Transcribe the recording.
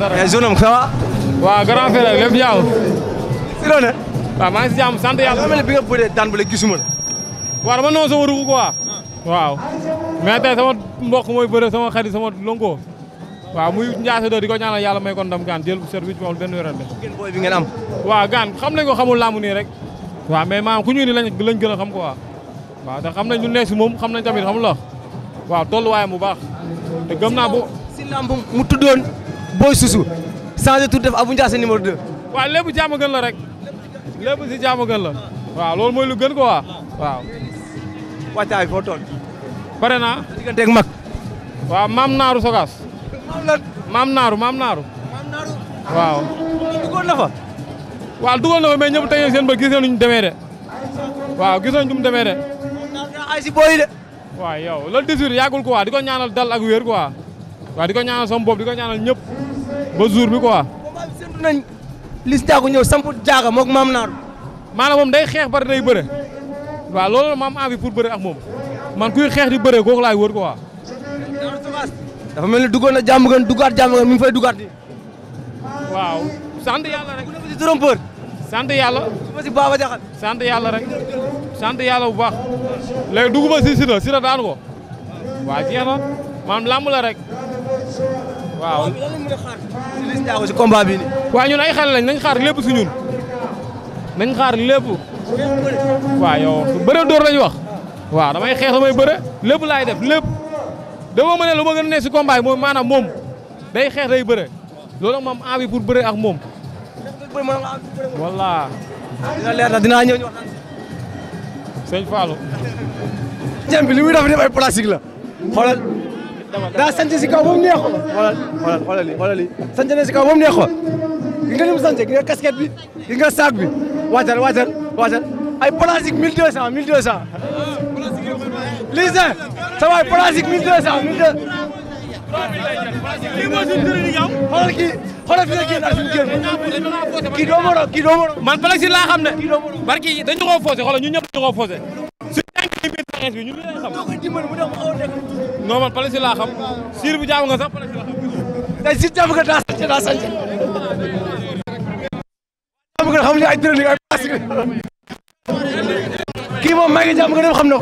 dara mais journée am ça va. waaw grand frère lépp si loolu nag. maa ngi si jàmm sant yàlla. waaw bi nga bëggee daan bële gisuma la. waaw dama noonu sama rugu quoi. waaw mais tey sama mbokk mooy bëre sama xarit sama lonko. waaw muy Ndiasse Dóor di ko ñaanal yàlla may ko ndam gaan jël bu set bi ci moom benn wérante. ngeen waaw gaan xam nañ ko xamul laamu nii rek. waaw mais maanaam ku ñu ni lañ lañ gën a xam quoi. waaw te xam nañ ñu ne si moom xam nañ tamit xam la waaw tolluwaayam bu baax te gëm naa booy susu changé tur def Abou Ndiassé numéro 2. waaw lépp jàmm gën la rek lépp si jàmm gën la waaw loolu mooy lu gën ko waa waaw. wàccaay foo toll. pare naa. digganteeg mag. waaw maam Naaru Sogas. maam maam Naaru maam Naaru. maam Naaru. waaw. dugal na fa. ñëpp tey seen ba gis nañu ñu demee de. waaw gis nañu ñu demee de. ay si booy de. waaw yow loolu 18 yàggul di ko ñaanal dal ak wér quoi. waaw di ko ñaanal sama bopp di ko ñaanal ñëpp. ba jour bi quoi. séntu nañ Liss Ndiago ñëw sampu jaaga moog maam naaru. maanaam moom day xeex bari day bëre waaw loolu ma am envie pour bëre ak moom man kuy xeex di bëre kooku laay wër quoi. dafa mel ni duggoon na jàmm gën duggaat jàmm gën mi ngi fay duggaat di. waaw sant yàlla rek. bu si sant yàlla. dugg si sant yàlla rek. sant yàlla bu baax. léegi dugg ma si Sida Sida daan ko. waaw jeex na maanaam làmb rek. waaw. Liss Ndiago si bi nii. waaw ñun ay xale lañ nañ xaar lépp si ñun nañ xaar lépp. waaw yow bëre door lañ wax waaw damay xeex damay bëre lépp laay def lépp dama mën a lu ma gën a ne si combat yi moom maanaam mom day xeex day bëre loolu moom am envie pour bëre ak moom. walla dina leer na dinaa ñëw ñu waxtaan. sëñ Fallou. ceeb bi li muy def ay plastique la xoolal. daa sant si kaw moom neexoo. xoolal xoolal xoolal lii sant na si kaw moom neexoo. gi nga ni mu sant gi nga casquette bi gi nga sac bi waatal waatal ay plastique mil 1200. lii sax sa waay plastique 1200 1200. kii moo suñu njëriñ yow. xoolal doo moroom kii doo moroom. man plastique laa xam ne. kii doo moroom barki dañu ko foosee xoolal ñun ñëpp dañu ko xees bi ñun li lay xam. laa xam. siir bu jaamu nga sax Palais laa xam. nga daa sànce daa sànce. jaamu nga xam ne ay tërënd ay paas kii moom maa ngi nga dem xam na